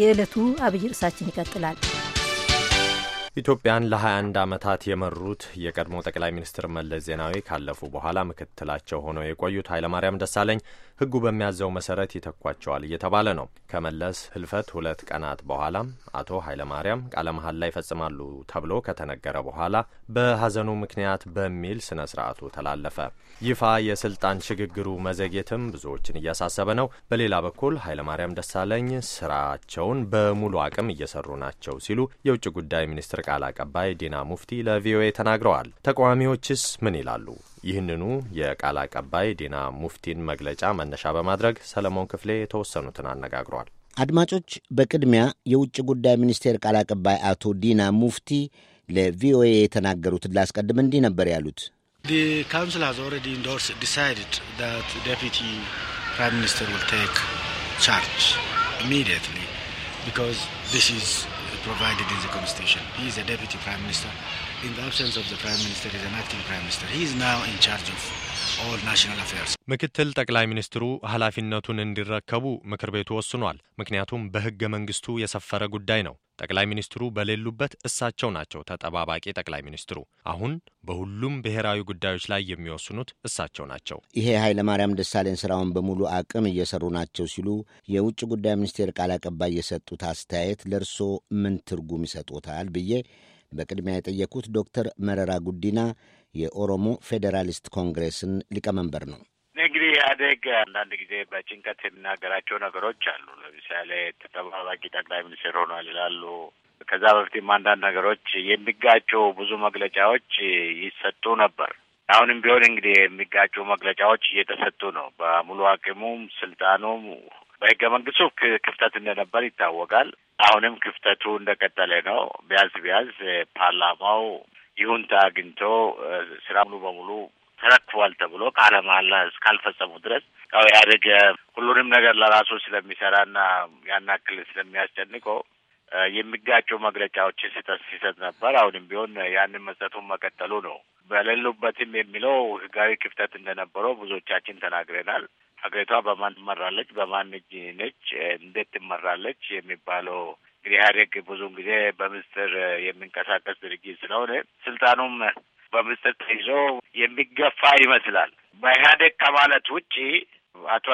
የዕለቱ አብይ ርዕሳችን ይቀጥላል። ኢትዮጵያን ለ21 ዓመታት የመሩት የቀድሞ ጠቅላይ ሚኒስትር መለስ ዜናዊ ካለፉ በኋላ ምክትላቸው ሆነው የቆዩት ኃይለማርያም ደሳለኝ ህጉ በሚያዘው መሰረት ይተኳቸዋል እየተባለ ነው። ከመለስ ህልፈት ሁለት ቀናት በኋላም አቶ ኃይለማርያም ቃለ ላይ ይፈጽማሉ ተብሎ ከተነገረ በኋላ በሀዘኑ ምክንያት በሚል ስነ ስርዓቱ ተላለፈ። ይፋ የስልጣን ሽግግሩ መዘግየትም ብዙዎችን እያሳሰበ ነው። በሌላ በኩል ኃይለማርያም ደሳለኝ ስራቸውን በሙሉ አቅም እየሰሩ ናቸው ሲሉ የውጭ ጉዳይ ሚኒስትር ቃል አቀባይ ዲና ሙፍቲ ለቪኦኤ ተናግረዋል። ተቃዋሚዎችስ ምን ይላሉ? ይህንኑ የቃል አቀባይ ዲና ሙፍቲን መግለጫ መነሻ በማድረግ ሰለሞን ክፍሌ የተወሰኑትን አነጋግሯል። አድማጮች፣ በቅድሚያ የውጭ ጉዳይ ሚኒስቴር ቃል አቀባይ አቶ ዲና ሙፍቲ ለቪኦኤ የተናገሩትን ላስቀድም። እንዲህ ነበር ያሉት። ሚኒስትር ቻርጅ ኢሚዲየትሊ ቢኮዝ ዚስ ኢዝ provided in the constitution. He is a deputy prime minister. In the absence of the prime minister, he is an acting prime minister. He is now in charge of all national affairs. ምክትል ጠቅላይ ሚኒስትሩ ኃላፊነቱን እንዲረከቡ ምክር ቤቱ ወስኗል። ምክንያቱም በሕገ መንግስቱ የሰፈረ ጉዳይ ነው። ጠቅላይ ሚኒስትሩ በሌሉበት እሳቸው ናቸው ተጠባባቂ ጠቅላይ ሚኒስትሩ። አሁን በሁሉም ብሔራዊ ጉዳዮች ላይ የሚወስኑት እሳቸው ናቸው። ይሄ ማርያም ደሳለኝ ስራውን በሙሉ አቅም እየሰሩ ናቸው ሲሉ የውጭ ጉዳይ ሚኒስቴር ቃል አቀባይ የሰጡት አስተያየት ለእርሶ ምን ትርጉም ይሰጡታል ብዬ በቅድሚያ የጠየኩት ዶክተር መረራ ጉዲና የኦሮሞ ፌዴራሊስት ኮንግሬስን ሊቀመንበር ነው። ኢህአዴግ አንዳንድ ጊዜ በጭንቀት የሚናገራቸው ነገሮች አሉ። ለምሳሌ ተጠባባቂ ጠቅላይ ሚኒስትር ሆኗል ይላሉ። ከዛ በፊትም አንዳንድ ነገሮች የሚጋጩ ብዙ መግለጫዎች ይሰጡ ነበር። አሁንም ቢሆን እንግዲህ የሚጋጩ መግለጫዎች እየተሰጡ ነው። በሙሉ አቅሙም ስልጣኑም በህገ መንግስቱ ክፍተት እንደነበር ይታወቃል። አሁንም ክፍተቱ እንደቀጠለ ነው። ቢያንስ ቢያንስ ፓርላማው ይሁንታ አግኝቶ ስራ ሙሉ በሙሉ ተረክቧል ተብሎ ቃለ መሃላ እስካልፈጸሙ ድረስ ያው ኢህአዴግ ሁሉንም ነገር ለራሱ ስለሚሰራና ያን ያክል ስለሚያስጨንቀው የሚጋጩ መግለጫዎችን ሲጠስ ሲሰጥ ነበር። አሁንም ቢሆን ያንን መስጠቱን መቀጠሉ ነው። በሌሉበትም የሚለው ህጋዊ ክፍተት እንደነበረው ብዙዎቻችን ተናግረናል። ሀገሪቷ በማን ትመራለች፣ በማን እጅ ነች፣ እንዴት ትመራለች የሚባለው እንግዲህ ኢህአዴግ ብዙውን ጊዜ በምስጢር የሚንቀሳቀስ ድርጊት ስለሆነ ስልጣኑም በምስጢር ተይዞ የሚገፋ ይመስላል። በኢህአዴግ ከማለት ውጪ አቶ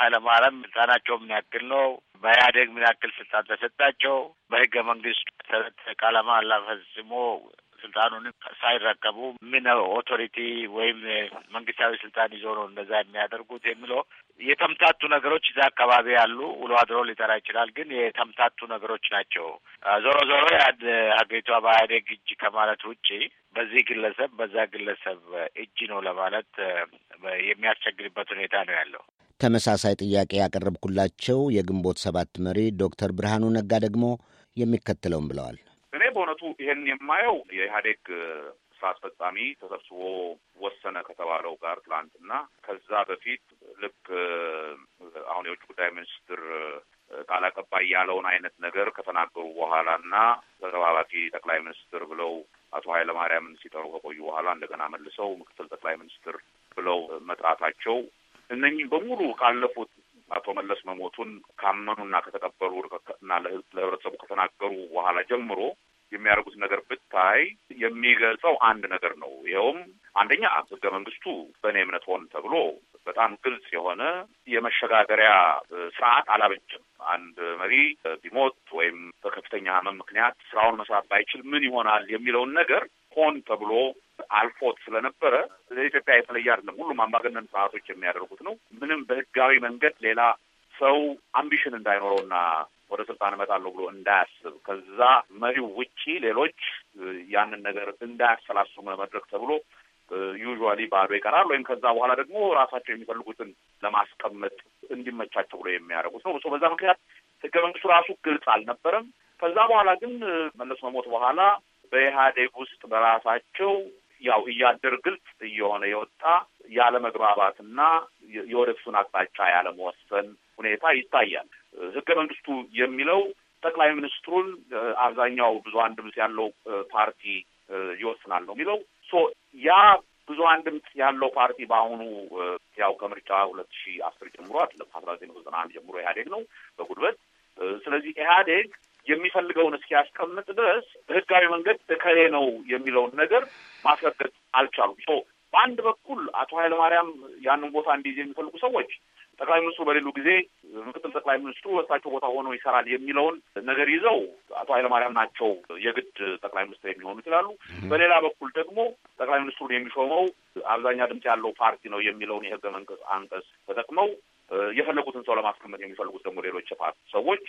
ኃይለማርያም ስልጣናቸው ምን ያክል ነው? በኢህአዴግ ምን ያክል ስልጣን ተሰጣቸው? በህገ መንግስቱ መሰረት ቃለ መሃላ ፈጽሞ ሳይረከቡ ምን ኦቶሪቲ ወይም መንግስታዊ ስልጣን ይዞ ነው እንደዛ የሚያደርጉት የሚለው የተምታቱ ነገሮች እዛ አካባቢ ያሉ ውሎ አድሮ ሊጠራ ይችላል፣ ግን የተምታቱ ነገሮች ናቸው። ዞሮ ዞሮ ሀገሪቷ በኢህአዴግ እጅ ከማለት ውጭ በዚህ ግለሰብ በዛ ግለሰብ እጅ ነው ለማለት የሚያስቸግርበት ሁኔታ ነው ያለው። ተመሳሳይ ጥያቄ ያቀረብኩላቸው የግንቦት ሰባት መሪ ዶክተር ብርሃኑ ነጋ ደግሞ የሚከተለውም ብለዋል። እኔ በእውነቱ ይሄን የማየው የኢህአዴግ ስራ አስፈጻሚ ተሰብስቦ ወሰነ ከተባለው ጋር ትላንትና ከዛ በፊት ልክ አሁን የውጭ ጉዳይ ሚኒስትር ቃል አቀባይ ያለውን አይነት ነገር ከተናገሩ በኋላ እና ተጠባባቂ ጠቅላይ ሚኒስትር ብለው አቶ ማርያምን ሲጠሩ ከቆዩ በኋላ እንደገና መልሰው ምክትል ጠቅላይ ሚኒስትር ብለው መጥራታቸው እነኚህ በሙሉ ካለፉት አቶ መለስ መሞቱን ካመኑና ከተቀበሉ እና ለህብረተሰቡ ከተናገሩ በኋላ ጀምሮ የሚያደርጉት ነገር ብታይ የሚገልጸው አንድ ነገር ነው። ይኸውም አንደኛ ህገ መንግስቱ በእኔ እምነት ሆን ተብሎ በጣም ግልጽ የሆነ የመሸጋገሪያ ስርዓት አላበጀም። አንድ መሪ ቢሞት ወይም በከፍተኛ ህመም ምክንያት ስራውን መስራት ባይችል ምን ይሆናል የሚለውን ነገር ሆን ተብሎ አልፎት ስለነበረ ለኢትዮጵያ የተለየ አይደለም። ሁሉም አምባገነን ስርዓቶች የሚያደርጉት ነው። ምንም በህጋዊ መንገድ ሌላ ሰው አምቢሽን እንዳይኖረውና ወደ ስልጣን እመጣለሁ ብሎ እንዳያስብ ከዛ መሪው ውጪ ሌሎች ያንን ነገር እንዳያሰላስሙ ለመድረክ ተብሎ ዩዥዋሊ ባዶ ይቀራል ወይም ከዛ በኋላ ደግሞ ራሳቸው የሚፈልጉትን ለማስቀመጥ እንዲመቻቸው ብሎ የሚያደርጉት ነው። በዛ ምክንያት ህገ መንግስቱ ራሱ ግልጽ አልነበረም። ከዛ በኋላ ግን መለስ መሞት በኋላ በኢህአዴግ ውስጥ በራሳቸው ያው እያደር ግልጽ እየሆነ የወጣ ያለመግባባትና የወደፊቱን አቅጣጫ ያለመወሰን ሁኔታ ይታያል። ህገ መንግስቱ የሚለው ጠቅላይ ሚኒስትሩን አብዛኛው ብዙሀን ድምፅ ያለው ፓርቲ ይወስናል ነው የሚለው። ሶ ያ ብዙሀን ድምፅ ያለው ፓርቲ በአሁኑ ያው ከምርጫ ሁለት ሺ አስር ጀምሮ አይደለም አስራ ዘጠኝ ዘጠና አንድ ጀምሮ ኢህአዴግ ነው በጉልበት ስለዚህ ኢህአዴግ የሚፈልገውን እስኪያስቀምጥ ድረስ በህጋዊ መንገድ እከሌ ነው የሚለውን ነገር ማስረገጥ አልቻሉም። በአንድ በኩል አቶ ኃይለማርያም ያንን ቦታ እንዲይዝ የሚፈልጉ ሰዎች ጠቅላይ ሚኒስትሩ በሌሉ ጊዜ ምክትል ጠቅላይ ሚኒስትሩ በሳቸው ቦታ ሆኖ ይሰራል የሚለውን ነገር ይዘው አቶ ኃይለማርያም ናቸው የግድ ጠቅላይ ሚኒስትር የሚሆኑ ይችላሉ። በሌላ በኩል ደግሞ ጠቅላይ ሚኒስትሩን የሚሾመው አብዛኛ ድምፅ ያለው ፓርቲ ነው የሚለውን የህገ መንግስት አንቀጽ ተጠቅመው የፈለጉትን ሰው ለማስቀመጥ የሚፈልጉት ደግሞ ሌሎች የፓርቲ ሰዎች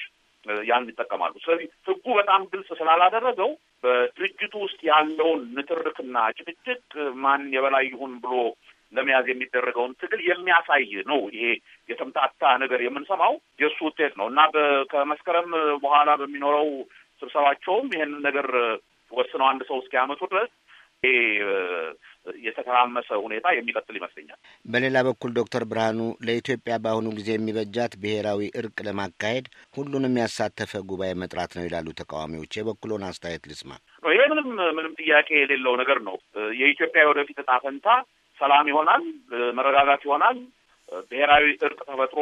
ያን ይጠቀማሉ። ስለዚህ ህጉ በጣም ግልጽ ስላላደረገው በድርጅቱ ውስጥ ያለውን ንትርክና ጭቅጭቅ ማን የበላይ ይሁን ብሎ ለመያዝ የሚደረገውን ትግል የሚያሳይ ነው። ይሄ የተምታታ ነገር የምንሰማው የእሱ ውጤት ነው እና ከመስከረም በኋላ በሚኖረው ስብሰባቸውም ይሄንን ነገር ወስነው አንድ ሰው እስኪያመጡ ድረስ የተከራመሰ የተተራመሰ ሁኔታ የሚቀጥል ይመስለኛል። በሌላ በኩል ዶክተር ብርሃኑ ለኢትዮጵያ በአሁኑ ጊዜ የሚበጃት ብሔራዊ እርቅ ለማካሄድ ሁሉንም ያሳተፈ ጉባኤ መጥራት ነው ይላሉ ተቃዋሚዎች። የበኩሎን አስተያየት ልስማ። ይሄ ምንም ምንም ጥያቄ የሌለው ነገር ነው። የኢትዮጵያ የወደፊት እጣ ፈንታ ሰላም ይሆናል፣ መረጋጋት ይሆናል፣ ብሔራዊ እርቅ ተፈጥሮ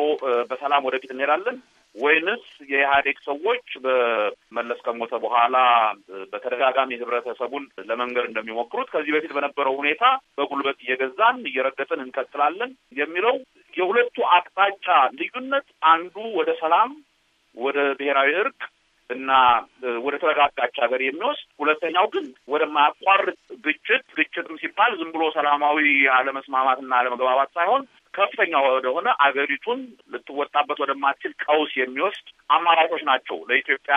በሰላም ወደፊት እንሄዳለን ወይንስ የኢህአዴግ ሰዎች በመለስ ከሞተ በኋላ በተደጋጋሚ ህብረተሰቡን ለመንገድ እንደሚሞክሩት ከዚህ በፊት በነበረው ሁኔታ በጉልበት እየገዛን እየረገጥን እንቀጥላለን የሚለው የሁለቱ አቅጣጫ ልዩነት አንዱ ወደ ሰላም ወደ ብሔራዊ እርቅ እና ወደ ተረጋጋች ሀገር የሚወስድ ሁለተኛው ግን ወደ ማያቋርጥ ግጭት ግጭትም ሲባል ዝም ብሎ ሰላማዊ አለመስማማትና አለመግባባት ሳይሆን ከፍተኛ ወደሆነ አገሪቱን ልትወጣበት ወደማትችል ቀውስ የሚወስድ አማራጮች ናቸው ለኢትዮጵያ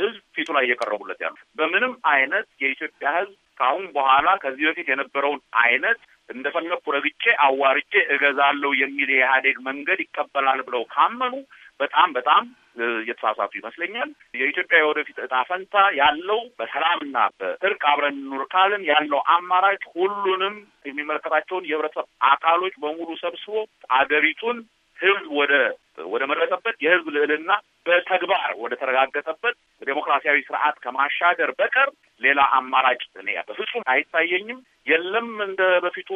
ህዝብ ፊቱ ላይ እየቀረቡለት ያሉ። በምንም አይነት የኢትዮጵያ ህዝብ ከአሁን በኋላ ከዚህ በፊት የነበረውን አይነት እንደፈለግኩ ረግጬ አዋርጬ እገዛለሁ የሚል የኢህአዴግ መንገድ ይቀበላል ብለው ካመኑ በጣም በጣም የተሳሳቱ ይመስለኛል። የኢትዮጵያ የወደፊት እጣ ፈንታ ያለው በሰላምና በእርቅ አብረን እንኑር ካልን ያለው አማራጭ ሁሉንም የሚመለከታቸውን የህብረተሰብ አካሎች በሙሉ ሰብስቦ አገሪቱን ህዝብ ወደ ወደ መረጠበት የህዝብ ልዕልና በተግባር ወደ ተረጋገጠበት ዴሞክራሲያዊ ስርዓት ከማሻገር በቀር ሌላ አማራጭ እኔ በፍጹም አይታየኝም። የለም እንደ በፊቱ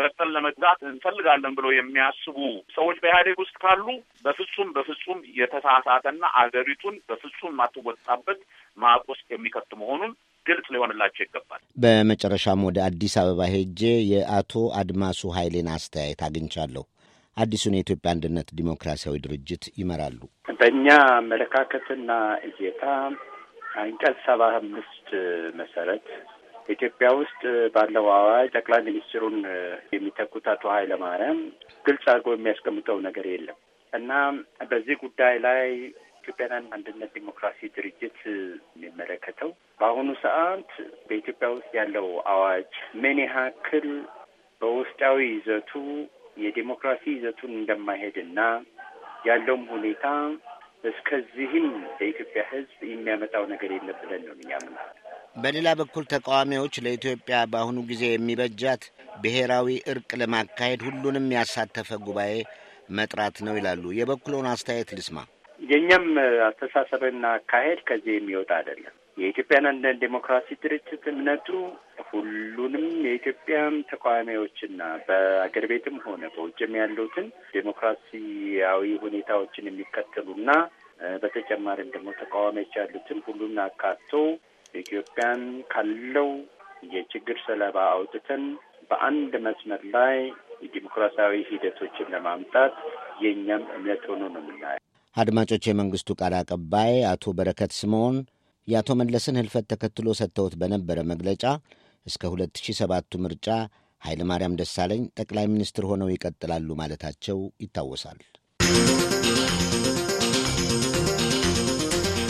ተረተን ለመግዛት እንፈልጋለን ብለው የሚያስቡ ሰዎች በኢህአዴግ ውስጥ ካሉ በፍጹም በፍጹም የተሳሳተና አገሪቱን በፍጹም የማትወጣበት ማቆስ ውስጥ የሚከት መሆኑን ግልጽ ሊሆንላቸው ይገባል። በመጨረሻም ወደ አዲስ አበባ ሄጄ የአቶ አድማሱ ኃይሌን አስተያየት አግኝቻለሁ። አዲሱን የኢትዮጵያ አንድነት ዲሞክራሲያዊ ድርጅት ይመራሉ። በእኛ አመለካከትና እይታ አንቀጽ ሰባ አምስት መሰረት ኢትዮጵያ ውስጥ ባለው አዋጅ ጠቅላይ ሚኒስትሩን የሚተኩት አቶ ኃይለማርያም ግልጽ አድርጎ የሚያስቀምጠው ነገር የለም እና በዚህ ጉዳይ ላይ ኢትዮጵያውያን አንድነት ዲሞክራሲ ድርጅት የሚመለከተው በአሁኑ ሰዓት በኢትዮጵያ ውስጥ ያለው አዋጅ ምን ያህል በውስጣዊ ይዘቱ የዲሞክራሲ ይዘቱን እንደማይሄድና ያለውም ሁኔታ እስከዚህም ለኢትዮጵያ ሕዝብ የሚያመጣው ነገር የለም ብለን ነው እኛ ምናምን በሌላ በኩል ተቃዋሚዎች ለኢትዮጵያ በአሁኑ ጊዜ የሚበጃት ብሔራዊ እርቅ ለማካሄድ ሁሉንም ያሳተፈ ጉባኤ መጥራት ነው ይላሉ። የበኩሎን አስተያየት ልስማ። የእኛም አስተሳሰብና አካሄድ ከዚህ የሚወጣ አይደለም። የኢትዮጵያን አንድነት ዴሞክራሲ ድርጅት እምነቱ ሁሉንም የኢትዮጵያም ተቃዋሚዎችና በአገር ቤትም ሆነ በውጭም ያሉትን ዴሞክራሲያዊ ሁኔታዎችን የሚከተሉና በተጨማሪም ደግሞ ተቃዋሚዎች ያሉትን ሁሉን አካቶ ኢትዮጵያን ካለው የችግር ሰለባ አውጥተን በአንድ መስመር ላይ የዲሞክራሲያዊ ሂደቶችን ለማምጣት የእኛም እምነት ሆኖ ነው የምናየው። አድማጮች፣ የመንግስቱ ቃል አቀባይ አቶ በረከት ስምዖን የአቶ መለስን ህልፈት ተከትሎ ሰጥተውት በነበረ መግለጫ እስከ 2007ቱ ምርጫ ኃይለማርያም ደሳለኝ ጠቅላይ ሚኒስትር ሆነው ይቀጥላሉ ማለታቸው ይታወሳል።